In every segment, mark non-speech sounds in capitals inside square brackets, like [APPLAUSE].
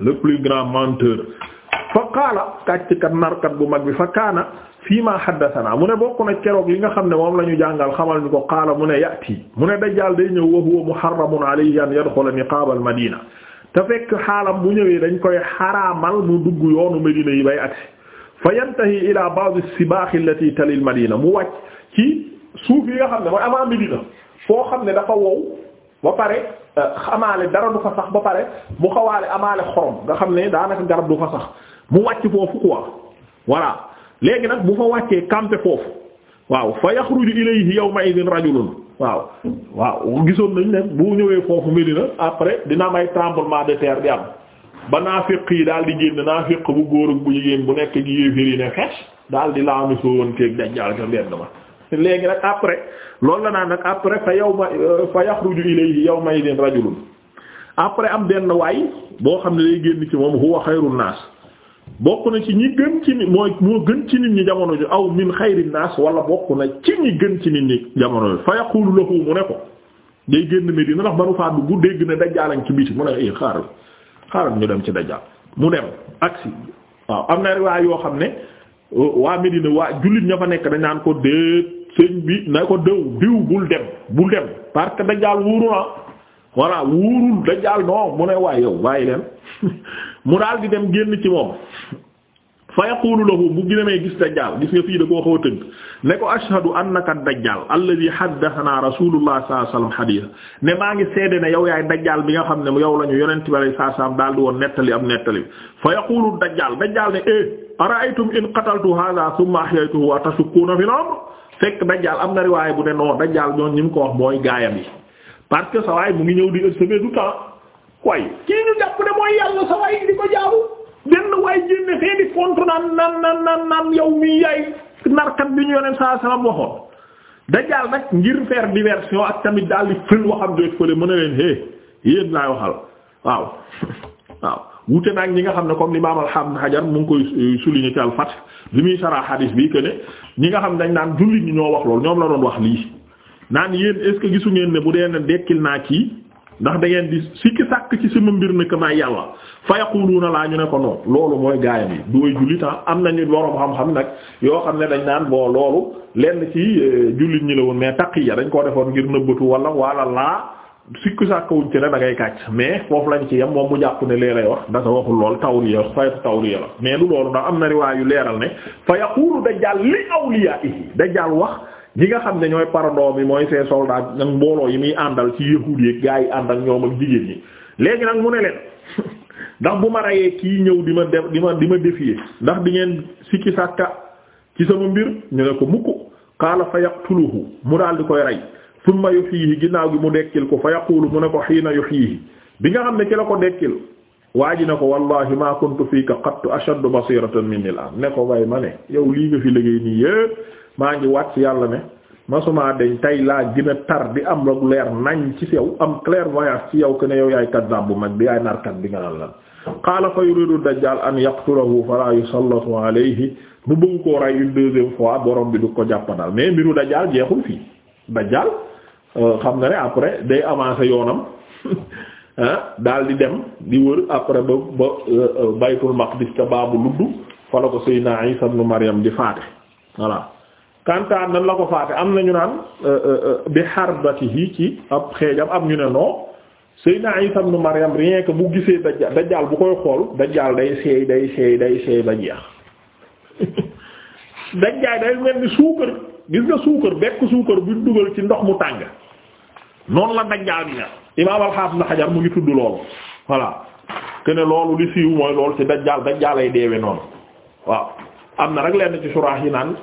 le plus grand menteur fa qaala kàcckat narkat bu mag bi fa kaana fii ma haddathana mu ne bokk na keroog li nga xam ne moom la ñu jàngal xamal ñu ko qaala mu ne yati mu ne dajjaal day ñëw wa huwa mu alayhi an yadkhula niqaab al madina te fekk xaalam bu ñëwee dañ koy xaraamal mu dugg yoonu Medina yi bay agsi fa yantahi ila ba'd as-sibaax allati tali al madina mu wàcc ci suuf yi nga xam ne mooy avant Medina foo xam ne dafa wow ba pare xamaale euh, dara du fa sax ba pare mu xawaale amaale xorom nga xam ne daanaka garab du fa sax mu wàcc foofu quoi voilà léegi nag bu fa wàccee campé foofu waaw fa yaxruju ilayhi yawma idin rajulun waaw waaw gisoon nañ ne bu ñëwee foofu Medina après dina may ay de terre di am ba naafiq yi daal di génn naafiq bu góor ak bu jigéen bu nekk gi yéeféer yi ne xees daal di laamu soo woon keek dajjaal ca mbedd ma léegi nag après loolu la naan nag après fa yawma euh, fa yaxruju ilayhi yawma idin rajulun après am benn waay boo xam ne day génn ci moom huwa xayrun naas bokk na ci ñi gën ci nit moo gën ci nit ñi jamono ju aw min xayrin naas wala bokk na gën ci nit ñi jamono fa yaqulu lahu mu ne ko day génn Medina ndax banu faa dugg dégg na dajjaalan ci biti mu ne eh xaaral xaaral ñu dem ci dajjaal mu dem agsi waaw am na riwaay yoo xam ne waa Medina waa jullit ñoo fa nekk dañ naan ko déet sëñ bi na ko dëw diw bul dem bul dem parce que dajjaal wuuru na voilà wuurul dajjaal non mu ne waay yow bàyyi leen [LAUGHS] mu daal di dem génn ci moom fa yaqulu lahu bu ginemee gis dajjaal gis nga fii da koo xaw a tënk ne ko ashhadu annaka dajjaal alladi haddathana rasulullah sallallahu alayhi wasallam ne maa ngi seede ne yow yaay dajaal bi nga xam ne yow la ñu yonent bi alayhi salaam daal di woon nettali am nettali fa yaqulu dajjaal dajjaal ne eh ara'aytum in fekk dajjaal am na bu ne non dajjaal ñoom ñi ko wax mooy gaayam yi parce que sa waay mu ngi ñëw di ëstëbee du temps waaye kii ñu jàpp ne mooy yàlla sa waay di ko jaamu benn waay jénne fee di fontu naan naan naan naan naan yow mi yaay narkat bi ñu yoneen saa salaam waxoon dajjaal nag ngir faire diversion ak tamit daal di fël waxam doot fële mën a leen é yéen laay waxal waaw [LAUGHS] waaw wute naag ñi nga xam ne comme l'imam al-Hafiz Hajar mu ngi koy euh, souligner ci al-Fath li muy saraa xadis bi que ne ñi nga xam dañ naan jullit ñi ñoo wax lool ñoom la doon wax lii naan yéen est gisu ngeen ne bu dee ne dekkil naa kii ndax da ngeen di sikki sàkk ci sama mbir ne que may yàlla fa yaquluuna laa ñu ne ko non loolu mooy gaayam yi duway jullit ah am nañu borom xam-xam nag yoo xam ne dañ naan bon loolu lenn ci euh, jullit ñi la woon mais taqiya dañ koo defoon ngir nëbbatu walla wala laa sikku sàkkawuñ ci ne da ngay kàcc mais foofu lañ ci yem moom mu jàpp ne lee lay wax ndax waxul lool tawriya faytu tawriya la mais du loolu ndax am na riwaay yu leeral ne fa yaqulu dajjal li awliyaihi dajjal wax ñi nga xam ne ñooy parandoom yi mooy ses soldats nag mbooloo yi muy àndal ci yahuud yi gaa yi ak ñoom ak jigéen yi léegi nag mu ne leen [LAUGHS] ndax bu ma rayee kii ñëw di ma def di ma di ma ndax di ngeen sikki sàkka ci sama mbir ñu ne ko mukk qaala fa yaqtuluhu mu daal di koy rey summa yuhyihi ginnaaw gi mu dekkil ko fa yaqulu mu ne ko xiina yuhyihi bi nga xam ne ci la ko dekkil waa ji ne ko wallahi ma kuntu fiika qattu ashaddu basiratan minni al an ne ko way ma ne yow lii nga fi liggéey nii yépp maa ngi wàcc yàlla ne ma masumaa deñ tey laa gën a tar di am lu leer nañ ci yow am clairvoyance ci yow que ne yow yaay kaddaab bu mag bi yaay narkat bi nga naan lan qaala fa yuridu dajjal an yaqtulahu fala yusallatu alayhi mu bëgg koo bi du ko jàppanal mais mbiru dajjal jeexul fii Euh, xam nga ne après day avancer yoonam [LAUGHS] daal di dem di wër après ba ba euh, euh, baytul maqdis ca baabu ludd fa ko ko Seydina Isa ibn Maryam di faate voilà kantaan nan la ko faate am na ñu naan bi xarbatihi ci ab xeejam am ñu ne non Seydina Isa ibn Maryam rien que bu gisee dajjal dajjal bu koy xool dajjal day seey day seey day seey ba jeex [LAUGHS] dajjal day mel ni suukar gis nga suukar bekk suukar bi dugal ci ndox mu tàng noonu la dajjaal bi mel imaam al-Hafiz Ibn Hajar mu ngi tudd loolu voilà que ne loolu li siiw mooy loolu ci dajjaal dajjaalay deewe noonu waaw am na rek lenn ci suraax yi naan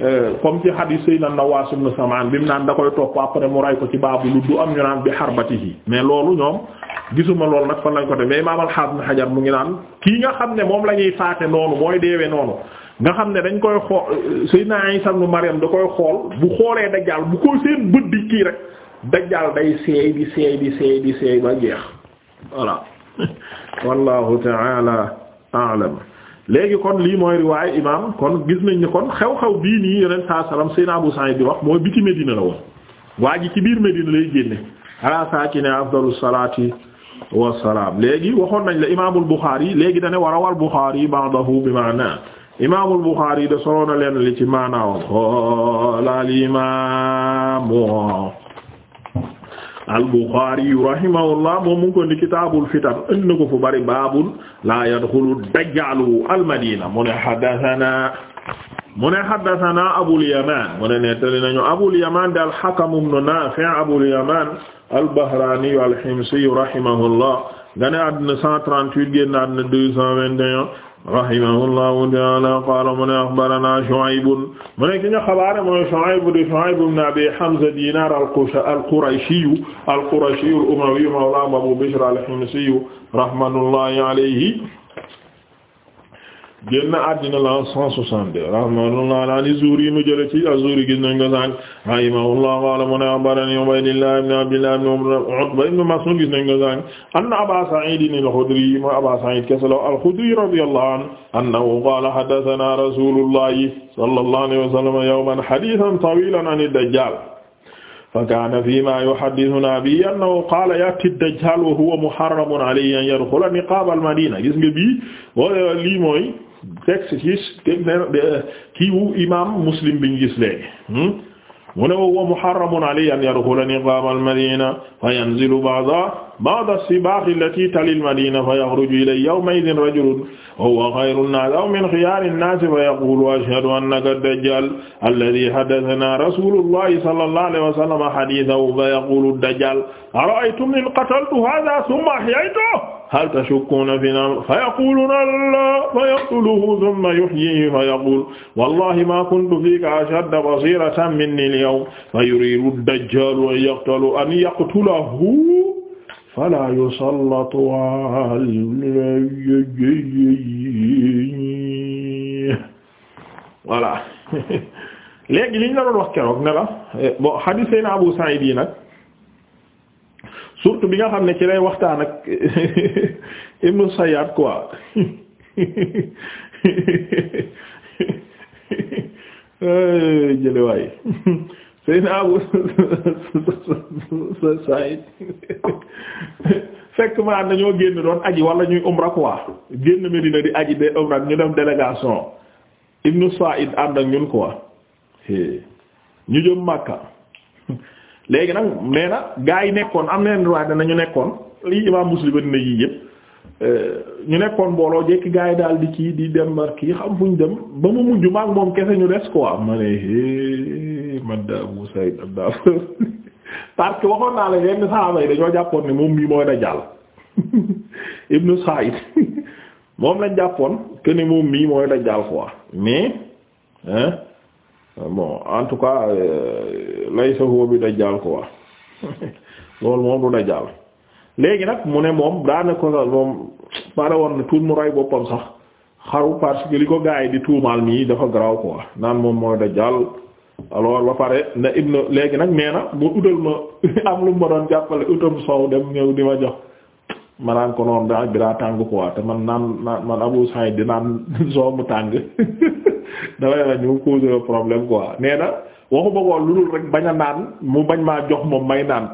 euh, comme ci hadith Sayyidina Nawaas ibn Samaan bi mu naan da koy topp après mu ray ko ci baabu lu du am ñu naan bi xarbatihi mais loolu ñoom gisuma loolu nag fan lañ ko def mais imaam al-Hafiz Ibn mu ngi naan kii nga xam ne moom la ñuy faate noonu mooy deewe noonu nga xam ne dañ koy xool euh, Sayyidina Isa ibn Maryam da koy xool bu xoolee dajjaal bu ko seen bët rek. dajjaal day seey di seey di seey di seey ba jeex voilà [LAUGHS] wallahu ta'ala a'lam léegi kon lii mooy riwaay imam kon gis nañ ni kon xew-xew bii nii yonent saa salaam Seydina Abu Sa'id wax mooy biti Medina la woon waa ji ci biir Medina lay génne ala saakine afdalu salaati wa léegi waxoon nañ la imaamul Bukhari léegi dane war a wal Bukhari ba'dahu bi maana imaamul Bukhari da soloona leen li ci maanaaw xoolal imaam al-Bukhari rahimahullah moom mu ngi ko ni kitaabul fitan indi na ko fu bari baabul la yadxulu dajjaalu al-Madina mu ne haddathana mu ne haddathana Abul Yaman mu ne nettali nañu Abul Yaman daal Hakam ibn Nafi' Abul Yaman al-Bahrani al-Himsi rahimahullah gane àddina 138 génn àddina 221 rahimahullahu ta'ala qala mu ne akhbarana Shu'ayb mu ne ki nga xabaare mooy Shu'ayb di Shu'ayb ibn Abi Hamza Dinar al-Qurashi al-Qurashi al-Umawi mawla Abu Bishr al-Himsi rahmatullahi alayhi génn àddina la 162 rahimahullah an az-Zuhri mu jële ci az-Zuhri gis nañ ko sànq rahimahullah qala mu ne akhbarani Ubaydillah ibn Abdillah ibn Utba ibn Mas'ud gis nañ ko sànq anna Aba Sa'id al-Khudri ma Aba Sa'id keselo al-Khudri radiyallahu anhu annahu qala haddathana Rasulullah sallallahu alayhi wa sallam yawman hadithan tawilan an ad-Dajjal fa kaana fiimaa yuhaddithunaa bihi annahu qaala ya'tii ad-Dajjal wa huwa muharramun alayhi an yadkhula niqaab al-Madina gis nga bii lii mooy texte gis kiiwu imam muslim biñ gis léegi hmm? mu ne wa muharramun alayhi an yadkhula niqab al madina fa yanzilu ba'da ba'da as-sibaax allati tali al-madiina fa yaxruju ilayhi yawma-idhin rajulun huwa xayru an-naas aw min xiyaari an-naas fa yaquulu ashhadu annaka ad-dajjaal allazii haddathanaa rasuulullaahi sallallaahu alayhi wa sallam hadiithahu fa yaquulu ad-dajjaal ara'aytum in qataltu haadhaa thumma ahyaytuhu hal tashukkuuna fii amr fa yaquuluuna laa fa yaqtuluhu thumma yuhyiihi fa yaquulu wallaahi maa kuntu fiika ashadda basiiratan minnii al-yawm fa yuriidu ad-dajjaalu an yaqtula an yaqtulahu fala yusallatu alayhi voilà [LAUGHS] léegi liñ la doon wax keroog ne la eh, bon hadith Abu Sa'id nag surtout bi nga xam ne ci lay waxtaan ak [LAUGHS] Ibn Sayyad quoi [LAUGHS] eh, jële waaye Seydina Abu Saïd fekk ma génn doon aji wala ñuy umra quoi génn Medina di aji de umra ñu dem délégation Ibnu Saïd ànd ak ñun quoi ñu jëm Makka léegi nag nee na gaa yi nekkoon am na yenn na ñu nekkoon lii Imaam Muslim na yii yëpp. ñu nekkoon mbooloo jekki gaa yi daal di kii di dem mar kii xam fu ñu dem ba mu mujj maak moom kese ñu des quoi ma ne hee eh, man daa Abu [LAUGHS] parce que waxoon naa la yenn saxaaba dañoo jàppoon ni moom mii mooy Dajjaal [LAUGHS] Ibnu Saïd [LAUGHS] moom lañ jàppoon que mii mooy Dajjaal quoi mais hein bon en tout cas euh, laysa huwa bi Dajjaal quoi loolu moom du Dajjaal. léegi nag mu ne moom daanaka moom pare woon na tuut mu rey boppam sax xaru parce que li ko gaa yi di tuumaal mii dafa garaaw quoi naan moom mooy jàll alors la pare na ibnu léegi nag nee na mu utal ma [LAUGHS] am lu ma doon jàppale utam sow dem ñëw di ma jox ma naan ko noonu daal bi daa tàng quoi te man naan man Abu Saïd di naan [LAUGHS] soo mu tàng [LAUGHS] dafay la ñu cause problème quoi nee na waxu bëggoon lu dul rek bañ a naan mu bañ maa jox moom ma naan.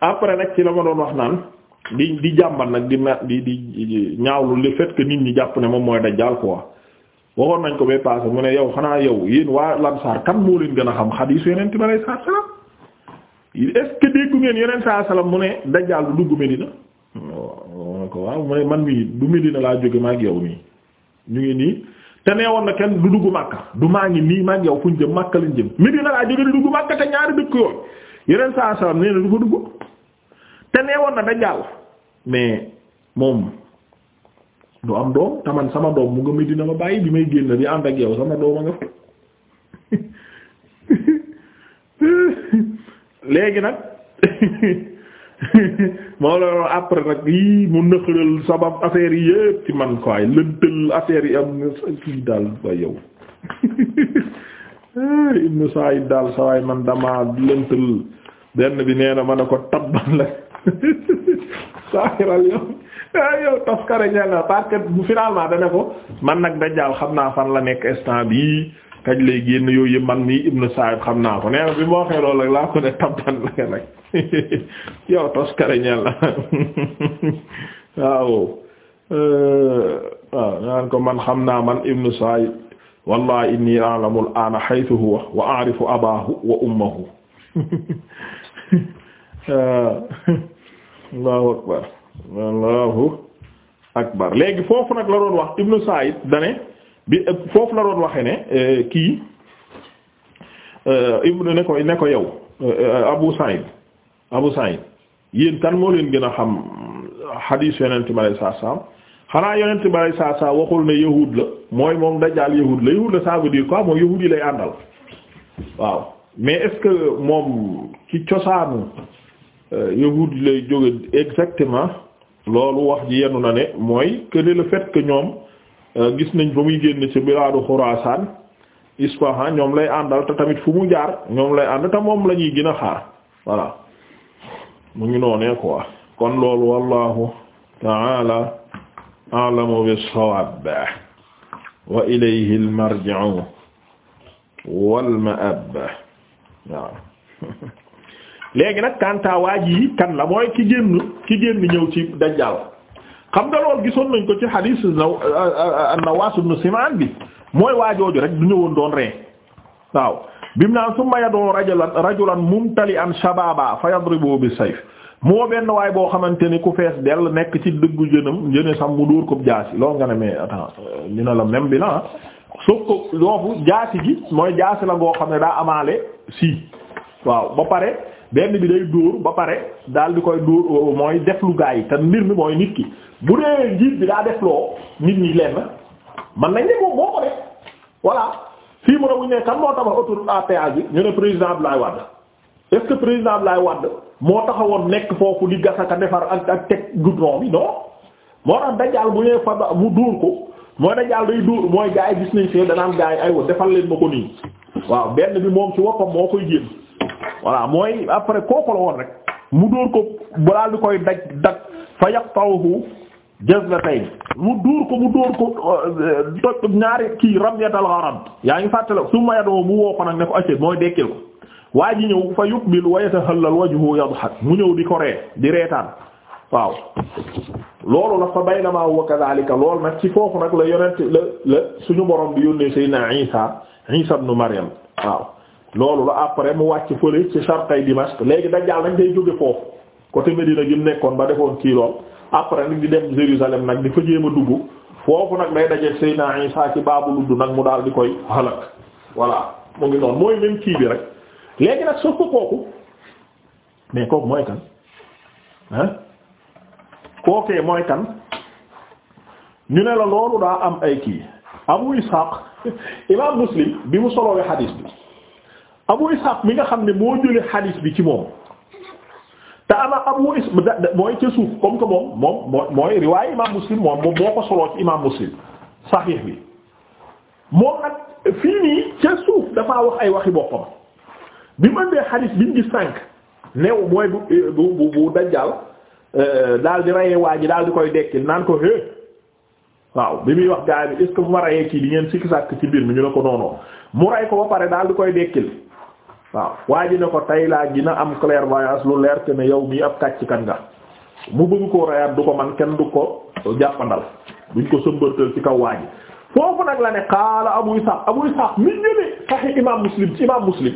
après nag ci la ma doon wax naan di di jàmbat nag di mer di di ñaawlu le fait que nit ñi jàpp ne moom mooy dajjaal quoi waxoon nañ ko ba passé mu ne yow xanaa yow yéen waa lan Lansar kan moo leen gën a xam xadiis Yonent bi alayhi salaatu salaam est-ce ngeen Yonent saa salaam mu ne dajjaal du dugg Medina waaw ko waaw mu ne man mii du Medina laa jóge ma ak yow nii ñu ngi nii. te nee woon na kenn du dugg Makka du maa ngi nii maa ngi yow fu ñu jëm la lañ jëm na laa jóge du dugg Makka te ñaari dëkk yooyu yeneen saa salaam nee na du ko dugg te nee woon na da jàll mais moom du am doom te man sama doom mu nga Medina ma bàyyi bi may génn di ànd ak yow sama doom a nga fa [LAUGHS] léegi nag [LAUGHS] [LAUGHS] moom la après nag yii mu nëxëral sabab affaire yi ci man quoi lëntël affaire yi am na kii daal ba yow [LAUGHS] ibnu Sa'id daal sawaay man dama lëntël benn bi nee na ma ne ko tabban la [LAUGHS] saaxiral yow yow taskare ñel na parce que bu finalement dane ko man nag dajjaal xam naa fan la nekk instant bii kañ lay génn yooyu yëpp man mii Ibn Sa'id xam naa ko nee na ko ne tabban la nag [LAUGHS] yow tos kare ñeel la [LAUGHS] waaw waaw ko man xam naa man Ibn Sa'id wallahi inni a'lamu al-ana huwa wa a'rifu wa ummahu [LAUGHS] allahu akbar allahu akbar léegi foofu nag la doon wax Ibn Sa'id dane bi foofu la doon waxee ne eh, kii eh, ibnu ne ko ne ko yow eh, Abu Sa'id Abu Sa'id yéen kan moo leen gën a xam xadiis yonente bi alay saa saam xanaa yonente saa waxul ne yahud la mooy moom dajaal yahud la yahud la ça veut dire quoi moom yahud yi lay àndal waaw mais est-ce que moom ci cosaanu yahud lay jóge exactement loolu wax ji yenu na ne mooy que le fait que ñoom Euh, gis nañ ba muy génn ci bilaadu Xuraasaan Ispahan ñoom lay àndal te tamit fu mu jaar ñoom lay ànd te moom lañuy ñuy gën a xaar voilà mu ngi noonee quoi kon loolu wallahu ta'ala a'lamu bis-sawaab wa ilayhi al-marji'u wal ma'ab waaw [LAUGHS] léegi nag kanta waaji yi kan la mooy ki génn ki génn ñëw ci dajjaal xam nga loolu gisoon nañ ko ci hadith euh, euh, euh, an-Nawaas ibn Simaan bi mooy waajooju rek du ñëwoon doon ree waaw bim naan summa yad'u rajulan rajulan mumtali'an shabaaba fa yadribu bi sayf moo benn waay boo xamante ni ku fees dell nekk ci dëggu jënam jëne sam mu dóor ko jaasi loolu nga ne mais attends dina la même bi na soo ko loofu jaasi gi mooy jaasi la ngoo xam ne daa amaale si waaw ba pare benn bi day dóor ba pare daal di koy dóor euh, mooy def lu gaa yi te mbir mi mooy nit ki bu dee njiit bi daa def nit ñi lenn man nañ ne moom moo ko def voilà ñu président Abdoulaye Wade est-ce président Abdoulaye Wade moo taxawoon nekk foofu di gas ak defar ak ak teg goudron bi non moo tax dajaal bu ñëwee fa mu dóor ko mooy dajaal day dóor mooy gaa yi gis nañ fi danaan gaa yi aywa defal leen ma ko nii waaw benn bi moom ci woppam moo koy génn. voilà mooy après kooku la woon rek mu dóor ko bu daal di koy daj daj fa yaqtahu jazlatayn mu dóor ko mu dóor ko toj euh, ñaari kii ramyatal gharab yaa ngi fàttale summa yadoo mu woo ko nag ne ko acce mooy dekkil ko waa ji ñëw fa yuqbil wa yatahallal wajhu yadhak mu ñëw di ko ree di reetaan waaw loolu la fa baynama huwa kadhalika lool nag ci foofu nag la yonent la la suñu borom bi a Seydina Isa Isa ibn Maryam waaw loolu la après mu wàcc fële ci sharqay Dimashq léegi Dajjaal nag day jóge foofu côté Medina gi mu nekkoon ba defoon kii lool après nag di dem Jérusalem nag di fa jéem a dugg foofu nag day dajeeg Seydina Isa ci baabu ludd nag mu daal di koy halak voilà mu ngi noonu mooy même kii bi rek léegi nag soo ko kooku mais kooku mooy kan ah kookee mooy kan ñu ne la loolu daa am ay kii Abu Ishaq [LAUGHS] Imam Muslim bi mu solowee xadiis bi Abu Ishaq mi nga xam ne moo jëlee xadiis bi ci moom te ama Abu Ishaq mooy ca suuf comme que moom moom moo mooy riwaay imaam Muslim moom moo ko soloo ci imaam Muslim saxiix bi moom waxi boppam bi mu ëndee bi mu gis sànq néew mooy bu eh, bu bu eh, daal di rayee waa ji daal di koy dekkil naan ko hé waaw bi muy wax gaa yi est-ce bu ma rayee kii di ngeen sikki ci biir mi ñu ne ko noonu mu ray ko ba pare daal di koy dekkil waaw waa ji ne ko tey laa gina am clairvoyance lu leer te ne yow mii ab kàcc kan nga mu bëgg koo reyaat du ko man kenn du ko jàppandal duñ ko sëmbërtal ci kaw waa ji foofu nag la ne qaala abu ishaq abu ishaq mi jële sahih imam muslim ci imam muslim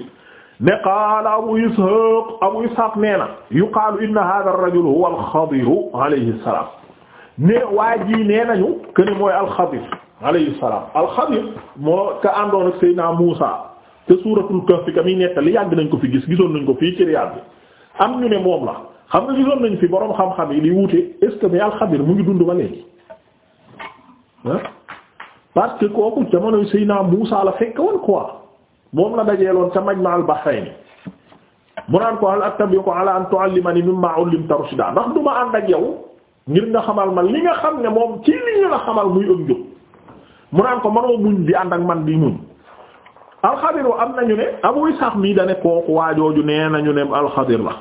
ne qaala abu ishaq abu ishaq nee na yuqaalu inna hadha ar-rajul huwa al-khadir alayhi salaam ne waa ji nee nañu que ne mooy al-khadir alayhi salaam al-khadir moo ka àndoon ak sayyidina Muusa te suuratul kahf ka muy nettali yàgg nañ ko fi gis gisoon nañ ko fii ci Riyad bi am ñu ne moom la xam nga gisoon nañ fi boroom xam-xam yi di wuute est-ce que Al-Xadir mu ngi dund ba léegi ah parce que kooku jamonoy Seydina Muusaa la fekk woon quoi moom la loon ca Majma al-Bahrayn mu naan ko hal attabi'uka ala an tu'allimani mimma 'ullimta rushda ndax duma ànd ak yow ngir nga xamal ma li nga xam ne moom ci li ñu la xamal muy ëpp jóg mu naan ko mënoo muñ di man di muñ. alxadir wa am nañu ne Abu Ishaq mii da ne kooku waajooju nee nañu ne alxadir la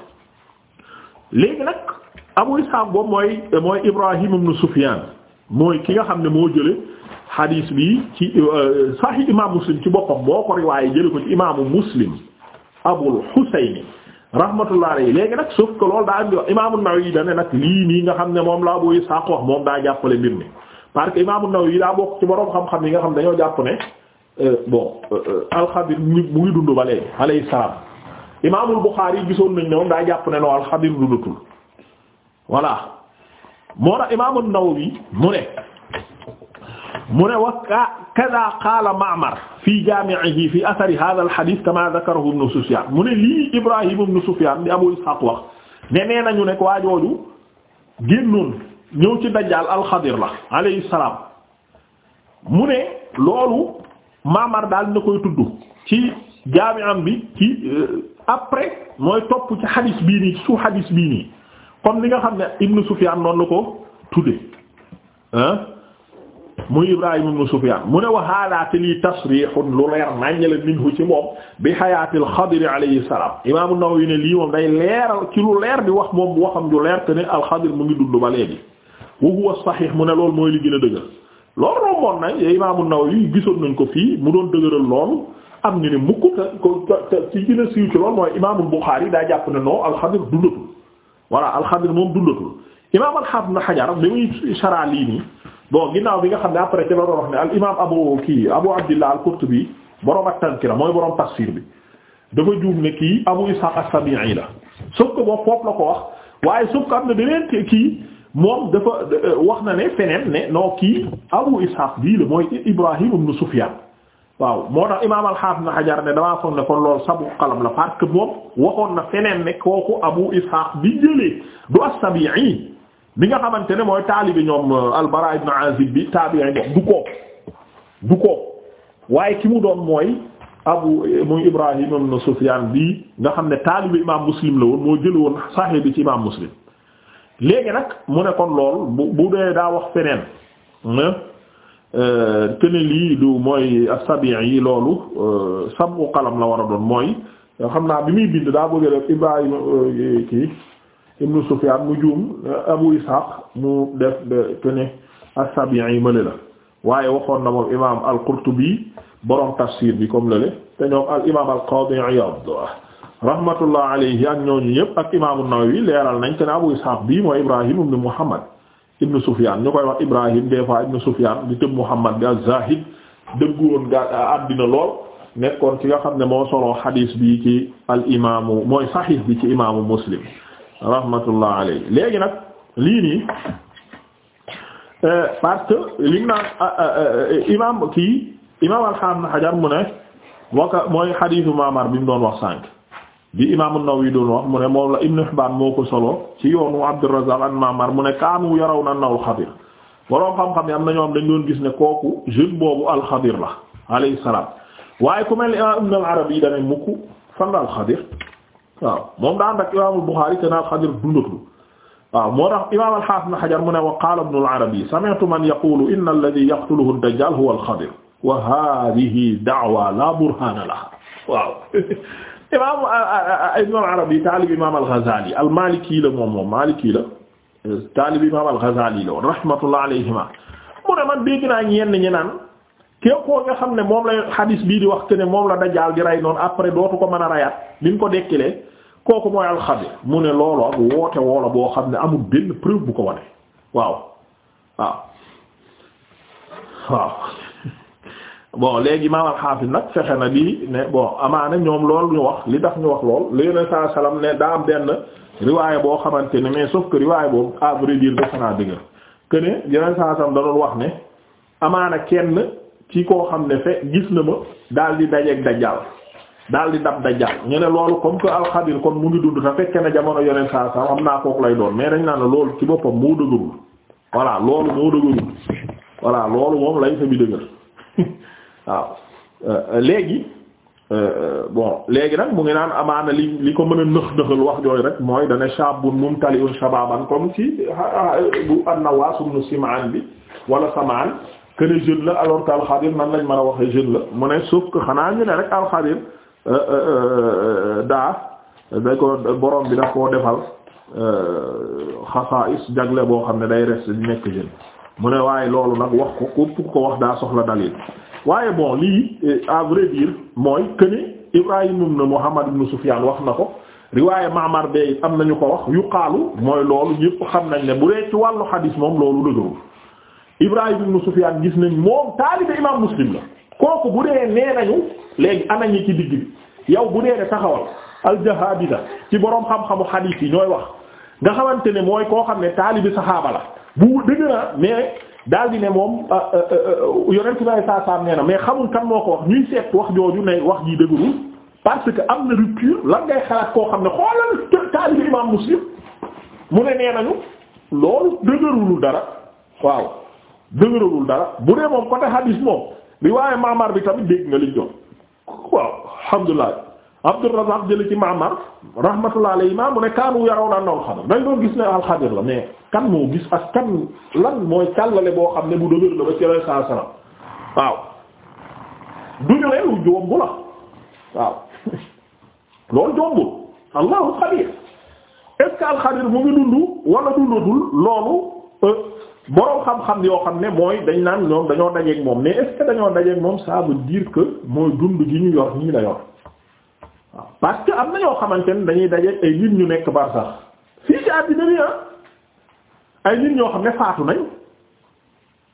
léegi nag Abu Ishaq boobu mooy mooy Ibrahim ibn Sufyan mooy ki nga xam ne moo jële xadiis bi ci euh, Sahih imam Muslim ci boppam boo ko riwaaye jële ko ci imaamu Muslim Abul Husayni rahmatullah alayhi léegi nag sauf que loolu daa am imaamu Nawawi da ne nag lii nii nga xam ne moom la Abu Ishaq wax moom daa jàppale mbir mi parce que imaamu yi daa bokk ci boroom xam yi nga xam dañoo jàpp Euh, bon euh, euh, alxadir mu ngi dund ba léegi alayhi yi gisoon nañ ne moom daa jàpp ne noo alxadir dundatul voilà moo tax imaam an-Nawawi mu ne mu ne wa kaza qaala Ma'mar fi jaami'ihi fi athari hadha al-hadith kama dhakarahu ibn mu ne lii Ibrahim ibn Sufyan di Abu Ishaq wax ne nee nañu ne ko waa jooju génnoon ñëw ci dajjaal alxadir la alayhi salaam loolu Mamar daal na koy tudd ci jaami'am bi ci euh, après mooy topp ci xadis bii nii su xadis bi nii comme li nga xam ne Ibn Sufyan noonu la ko tudde ah muy Ibrahim ibn Sufyan mu ne wa hada te lii tasrihun lu leer naññale minhu ci moom bi xayaatil Xadir alayhi salaam Imaam Nawawi ne lii moom day leeral ci lu leer di wax moom waxam ju leer te ne al Xadir mu ngi dund ba léegi wax huwa sahih mu ne lool mooy li gën a dëgër loolu romboon nañ yooyu Imaam An-Nawawi gisoon nañ ko fii mu doon dëgëral loolu am ñu ne mukk te te ci gën a siiw ci loolu mooy Imaamul Buxaari daa jàpp ne non alxadir dundatul voilà alxadir moom dundatul Imaam al-Hafiz Ibn Hajar li muy saraa lii nii bon ginnaaw bi nga xam ne après ci la doon wax ne al Imaam Abu kii Abu Abdillah al-Qurtubi borom at-Tazkira mooy borom tafsir bi dafa juum ne kii Abu Ishaq as-Sabi'i la sauf que boobu la ko wax waaye sauf am na beneen moom dafa euh, wax na ne feneen ne noo kii Abu Ishaq bii la mooy Ibrahim ibn Sufyan waaw moo tax imaam al-Hafiz na Hajar ne damaa foog ne kon loolu sabu xalam la parce moom waxoon na feneen ne kooku Abu Ishaq bi jëlee du as-Sabi'i bi nga xamante ne mooy taalibi ñoom euh, al-Bara ibn Azib bi tabi'i du ko du ko waaye ki mu doon mooy abu euh, muy Ibrahim ibn Sufyan bi nga xam ne taalibi imaam Muslim la woon moo jëlee woon Sahih bi ci imaam Muslim léegi nag mu ne kon lool bu bu dee daa wax feneen te euh, ne lii du mooy asabi yi loolu euh, sabu qalam la war a doon mooy xam naa bi muy bind daa bëgg def Ibrahima euh, kii Ibnu Sufyaan mu juum Abu Ishaq mu def te ne asabi yi mëne la waaye waxoon na moom imaam al-Qurtubi borom tafsir bi comme lële te ñoom al imaam al-Qaadi Iyaad rahmatullah alayhi ak ñooñu ñëpp ak imaamu Nawawi leeral nañ te ne Abu Ishaq bii mooy Ibrahim ibn Muhammad ibn Sufyan ñu koy wax Ibrahim des fois ibn Sufyan di tëb Muhammad bi az-Zahid dëggu woon ga àddina lool nekkoon ci nga xam ne moo solo xadiis bi ci al imaamu mooy saxiix bi ci imaamu Muslim rahmatullah alayhi léegi nag lii nii euh, parce que liñ naan ah, ah, euh, imaam kii imaam al-Hafiz Hajar mu ne waka mooy xadiisu Maamar bi mu doon wax sànq. bi imaamu Nawawi doon wax mu ne moom la Ibn Hibbaan moo ko solo ci yoonu Abdurrazzaq an Ma'mar mu ne kaanu yaraw na annahu al-Xadir boroom xam-xam yi am na ñoom dañ doon gis ne kooku jeune boobu al-Xadir la alayhi salaam waaye ku mel ni imaam Ibn al-Arabi dana mukk fan la al-Xadir waaw moom daan ak imaam al-Buxaari te na al-Xadir dundatul waaw moo tax imaam al-Haafiz Ibn Hajar mu ne wa qaala Ibn al-Arabi sami'tu man yaqulu inna alladhi yaqtuluhu ad-Dajjaal huwa al-Xadir wa haadhihi da'wa laa burhaana lahaa waaw [LAUGHS] ay ibn al-Arabi taalib imaam al-Ghazali al-Maliki la moom moom Maliki la taalib imaam al-Ghazali la woon rahmatullah alayhima mu ne man dégg naa ñenn ñi naan képp koo nga xam ne moom la hadis bii di wax que ne moom la dajaal di rey noon après dootu ko mën a rayaat bi mu ko dekkilee kooku mooy alxabi mu ne loolu ak woote woola boo xam ne amul benn preuve bu ko wane waaw waaw waaw bon léegi imaam al-Hafiz nag fexe na lii ne bon amaana ñoom loolu ñu wax li tax ñu wax lool li yeneen saa salaam ne daa am benn riwaay boo xamante ne mais sauf que riwaay boobu à vrai dire defe naa dëgër que ne yeneen saa salaam da doon wax ne amaana kenn ci koo xam ne fe gis na ma daal di dajeeg dajjal daal di dab dajjal ñu ne loolu comme que alxadir kon mu ngi dund te fekke na jamono yeneen saa salaam xam naa kooku lay doon mais dañ naa ne loolu ci boppam moo dëgërul voilà loolu moo dëgërul voilà loolu moom lay fa waaw euh, euh, léegi euh, bon léegi nag mu ngi naan amaana li li ko mën a nëx nëxal wax jooy rek mooy dana shaabun mumtali'un shababan comme si bu an-Nawaas ibn Simaan bi wala Samaan que ne jeune la alors que al nan lañ mën a waxee jeune la mu ne sauf que xanaa ñu ne rek al-Xadir daa da ko borom bi daf koo defal xasaa'is jagle boo xam ne day reste nekk jeune mu ne waaye loolu nag wax ko ku ko wax daa soxla dalil. waaye bon lii euh, à vrai dire mooy que ni Ibrahim ibn Muhammad ibn Sufyan wax na ko riwaaye Ma'mar bee am nañu ko wax yuqaalu mooy loolu yëpp xam nañ ne bu dee ci wàllu xadiis moom loolu dëgërul Ibrahim ibn Sufyan gis nañ moom taalibe imaam Muslim la kooku bu dee nee nañu léegi yi ci digg bi yow bu dee ne taxawal aljahaabida ci boroom xam-xamu xadiis yi ñooy wax nga xamante ne mooy koo xam ne taalibe saxaaba la bu dëgg na daal di ne moom euh, euh, euh, yonent bi sallallahu alayhi wasallam mais xamul kan moo ko wax ñuy seet wax jooju ne wax ji dëgërul parce que am na rupture lan ngay xalaat koo xam ne xoolal taalibi imam Muslim mu ne nee nañu loolu dëgërulul dara waaw dëgërulul dara bu dee moom côté hadis moom riwaaye Ma'mar bi tamit dégg nga liñ jox waaw alhamdulilah Abdur Razzaq jële ci Ma'mar rahmatullah alayhi mu ne kaanu yarawna annahu al-Xadir dañ doon gis ne al la mais. kan moo gis ak kan lan mooy càllale boo xam ne bu dëgër la ba ci sallallahu waaw du ñu leen lu jombu la waaw loolu jombul allahu xadir est-ce mu ngi dund wala dundatul loolu euh, boroom xam-xam yoo xam ne mooy dañ naan ñoom dañoo dajeeg moom mais est dañoo dajeeg moom ça veut dire mooy dund gi ñu yor nii la yor waaw am na ñoo xamante dañuy dajeeg ay ñu nekk bar sax fii ci àddina bi ah ay nit ñoo xam ne faatu nañ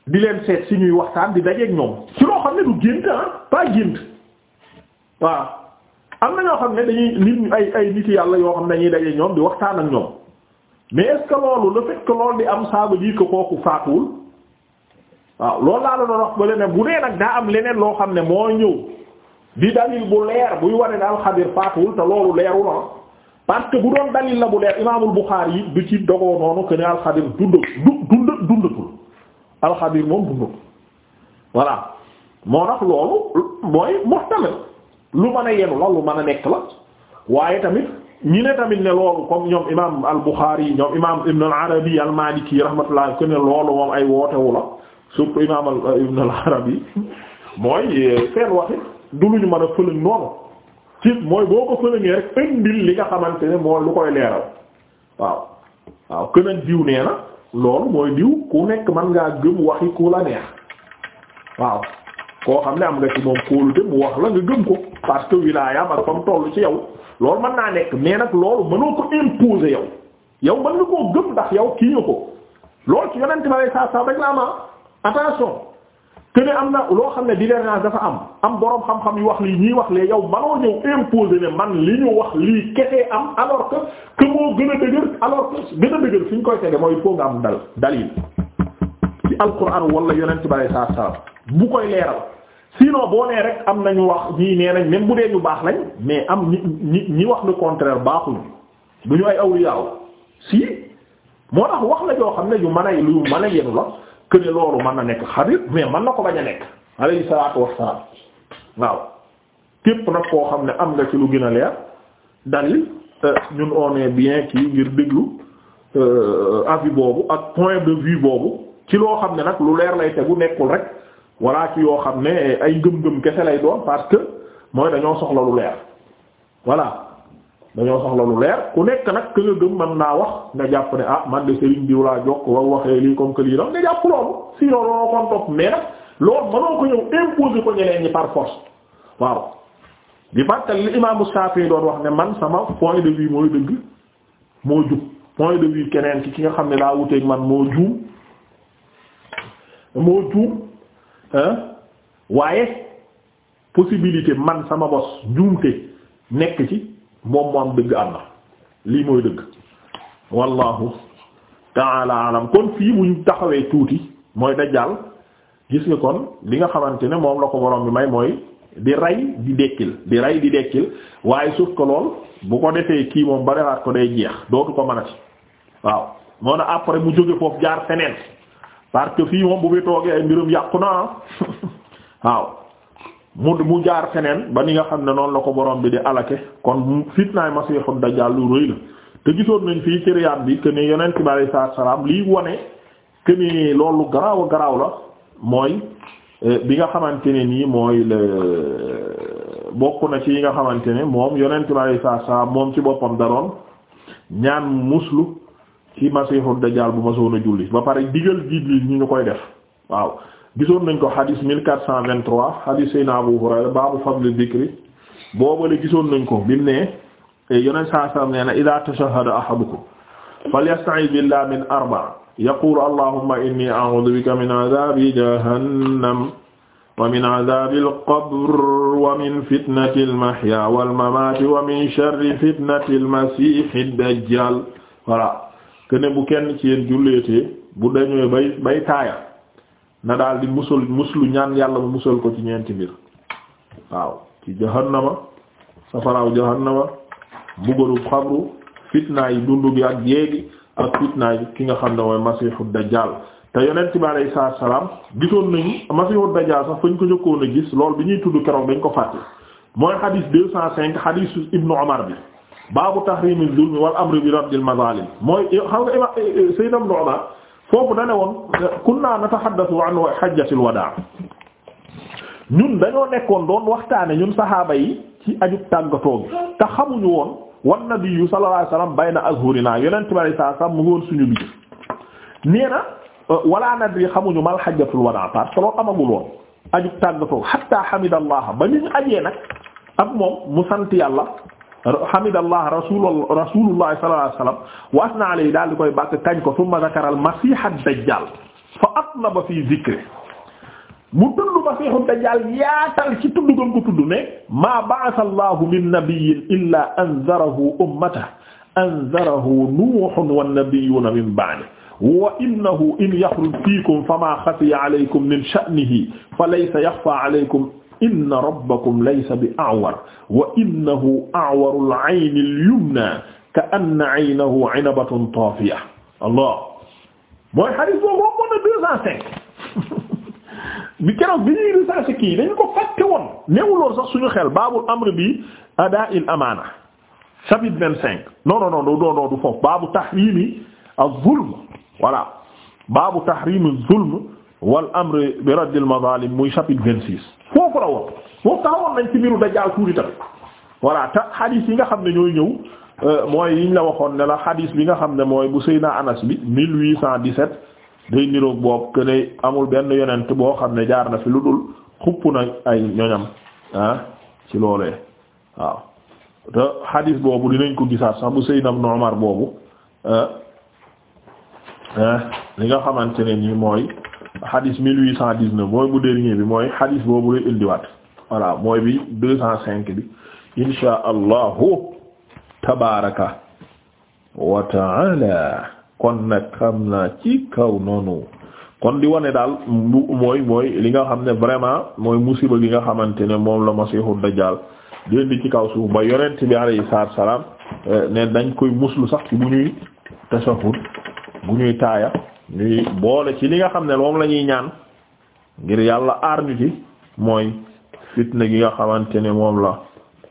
di leen seet si ñuy waxtaan di dajeeg ñoom ci loo xam ne du gént ah pas gént waaw am na ñoo xam ne dañuy nit ñu ay ay nit yàlla yoo xam ne dañuy dajeeg ñoom di waxtaan ak ñoom mais est loolu le fait loolu di am ça veut dire que faatuwul waaw loolu laa la doon wax ba leneen bu dee ak daa am leneen loo xam ne moo ñëw di dalil bu leer buy wane daal alxadir faatuwul te loolu leerul ah. parce que bu doon dalil la bu leer imaamul Buxaari yi du ci dogoo noonu que ne alxadir dund dund dundatul alxadir moom dundatul voilà moo tax loolu mooy muhtamal lu mën a yenu la lu mën a nekk la waaye tamit ñi ne tamit ne loolu comme ñoom imaam al Buxaari ñoom imaam Ibn al Arabi al Maliki rahmatullah que ne loolu moom ay wootewu la surtout imaam Ibn al Arabi mooy seen waxi du lu ñu mën a fële noonu. ci mooy boo ko fëlëngee rek indil li nga xamante ne mooy lu koy leeral waaw waaw kënañ diw nee na loolu mooy diw ku nekk man ngaa gëm waxi ku la neex waaw koo xam ne am nga ci moom kóolute mu wax la nga gëm ko parce que wilaayam ak fam tollu ci yow lool mën naa nekk mais nag loolu mënoo ko imposer yow yow mën nga koo gëm ndax yow kii nga ko lool ci yonent ba lay saa saa rek la ama ah. attention que am na loo xam ne divergence dafa am am boroom xam-xam yu wax lii ñuy wax lee yow manoo ñëw imposer ne man li ñu wax lii kese am alors que que moo gën a dëgër alors que gën a dëgër fi ñu koy tege mooy foo nga am dal dalil ci alquran wala yonent bi alayhi salaatu salaam bu koy leeral sinon boo nee rek am nañu wax ñii nee nañ même bu dee ñu baax lañ mais am ñi ñi ñi wax le contraire baaxuñu du ñu ay awliyaaw si moo tax wax la joo xam ne yu mën a lu mën a yenu la. que ne loolu man na nekk xarit mais man na ko bañ a nekk alayhi salaatu wassalaam waaw képp nag koo xam ne am nga ci lu gën a leer dalil ñun on bien kii ngir déglu euh, avis boobu ak point de vue boobu ci loo xam ne nag lu leer lay tegu nekkul rek walla ci yoo xam ne ay gëm-gëm kese lay doon parce que mooy dañoo soxla lu leer voilà dañoo la lu leer ku nekk nag que nga naa wax nga jàpp ne ah man de Serigne diw laa jokk war waxee lii comme que lii nag nga jàpp loolu si loolu loolu mënoo ko ñëw imposer wax ne man sama point de vue moo jub ki nga xam ne daa wuteeg man moo juum moo juum waaye possibilité man sama bos njuumte nekk ci moom moom dëgg am na lii mooy dëgg wallahu taala alam kon fii buñ taxawee tuuti mooy dajjal gis nga kon li nga xamante ne moom la ko borom bi may mooy di ray di dekkil di rey di dekkil waaye suuf ko lool bu ko defee kii moom ba defaat ko day jeex dootu ko mënati waaw moo na après mu jóge foofu jaar feneen parce que fii moom bu fi toogee ay mbirum yàqu na [LAUGHS] waaw mu mu jaar feneen ba ni nga xam ne noonu la ko borom bi di alake kon fitnaay masiixu dajjaal lu rëy la te gisoon nañ fii ci bi que ne yonent bi alayhi salaam liy wone que ne garaaw garaaw la mooy eh, bi nga xamante ne nii mooy bokk na ci yi nga xamante ne moom yonent bi alayhi salaam moom ci boppam daroon ñaan muslu ci masiixu dajjaal bu ma soon a julli ba pare digal jiit li ñu ñu koy def waaw gisoon nañ ko xadis 1423 xadis sayna Abu Hurayra baabu fadli dhikri boobale gisoon nañ ko bimu ne yonent saa sallam nee na ida tashahhada ahadukum falyasta'iz billah min arba'a yaqulu allahumma inni a'udhu bika min 'adhabi jahannam wa min 'adhabi al-qabr wa min fitnati al-mahya wal-mamati wa min sharri fitnati al-masih ad-dajjal voilà kene bu kenn ci yéen julleete bu dañoy bay bay taaya na daal di musal muslu ñaan yàlla mu musal ko ci ñeenti mbir waaw ci jahannama safaraaw jahannama mbugalu xabru fitna yi dundu gi ak jéegi ak fitna yi ki nga xam ne mooy masiixu dajjaal te yonent bi alayhi salaam gisoon nañu masiixu dajjaal sax fañ ko jëkkoon a gis lool bi ñuy tudd keroog dañ ko fàtte mooy xadiis deux ibnu Umar bi baabu tahrimi zulmi wal amri bi raddil mazaalim mooy xam nga Seydina Ibnu Umar foofu dane woon kunna nataxaddasu an hajjatil wadaa ñun dañoo nekkoon doon waxtaane ñun saxaaba yi ci ajug tàggatoo te xamuñu woon wan nabiyyu sallallahu alayhi wasallam bayna azhurina yonent bi saa sax mu ngi woon suñu biir nee na euh, wala nadri xamuñu mal hajjatul wadaa parce que loolu amagul woon ajug tàggatoo hatta hamidallah ba ñu ajee nag ak moom mu sant yàlla hamidallah rasul rasulullah sallallahu alayhi wasallam wa asna alayhi daal di koy bàkk kañ ko thumma zakara al masih ad dajjal fa atlaba fi dhikri mu tudd masihu dajjal yaatal ci tudd gën ko tudd ne ma ba'atha allahu min nabiyyin illa anzarahu ummatahu anzarahu nuuhun wannabiyyuuna min ba'dihi wa innahu in yakhruj fiikum fama khafiya alaykum min sha'nihi falaysa yakhfa alaykum inna rabbakum laysa bi a'war wa innahu a'warul ayni al-yumna ka anna aynahu 'inabatun tafiya allah mooy hadith boobu moom na deux cent cinq bi keroog bi ñuy recensé kii dañu ko fàtte woon néewuloon sax suñu xel baabul amr bi adaa'il amaana chapitre vingt-cinq non non non du non non du foofu baabu tahrimi az-zulm voilà baabu tahrimi az-zulm wal amri bi raddil mazalim muy chapitre vingt six foofu la woon foofu taxawoon nañ ci mbiru Dajjaal tuuti tamit voilà te xadiis yi nga xam ne ñooy ñëw euh, mooy yiñ la waxoon ne la xadiis bi nga xam ne mooy bu Seydina Anas bi mille huit cent dix-sept day niroog boobu que amul benn yonent boo xam ne jaar na fi lu dul xupp na ay ñoñam ah, ci loolee waaw te xadiis boobu dinañ ko gisaat sax bu Seydina Ibn Umar boobu euh, euh, li nga xamante ne nii mooy xadis mille huit cent dix-neuf mooy bu dernier bi mooy xadis boobu lay indiwaat voilà mooy bi deux cent cinq bi insha allahu tabaraka wa taala kon nag xam naa ci kaw noonu kon di wane daal mooy mooy li nga xam ne vraiment mooy musiba gi nga xamante ne moom la masiixu dajjaal déndi ci kaw suuf ba yonent bi alayhi salaatu salaam eh, ne dañ koy muslu sax ci bu ñuy taaya ñuy boole ci li nga xam ne moom lañuy ñaan ngir yàlla aar ñu ci mooy fitna gi nga xamante ne moom la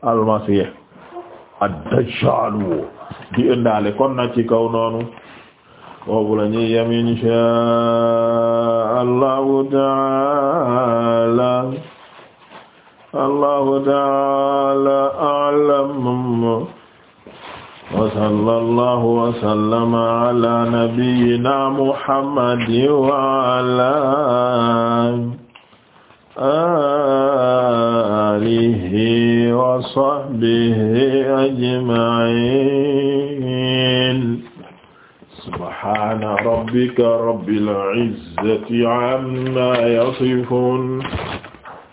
almasih ad-dajjal di ëndaale kon na ci kaw noonu boobu la ñuy yem inshaa allahu taala allahu taala a'lam wasala allah wasallama ala nabiyina muhammadi waala alihi wa sahbihi ajmain subhana rabbika rabbil izzati amma yasifun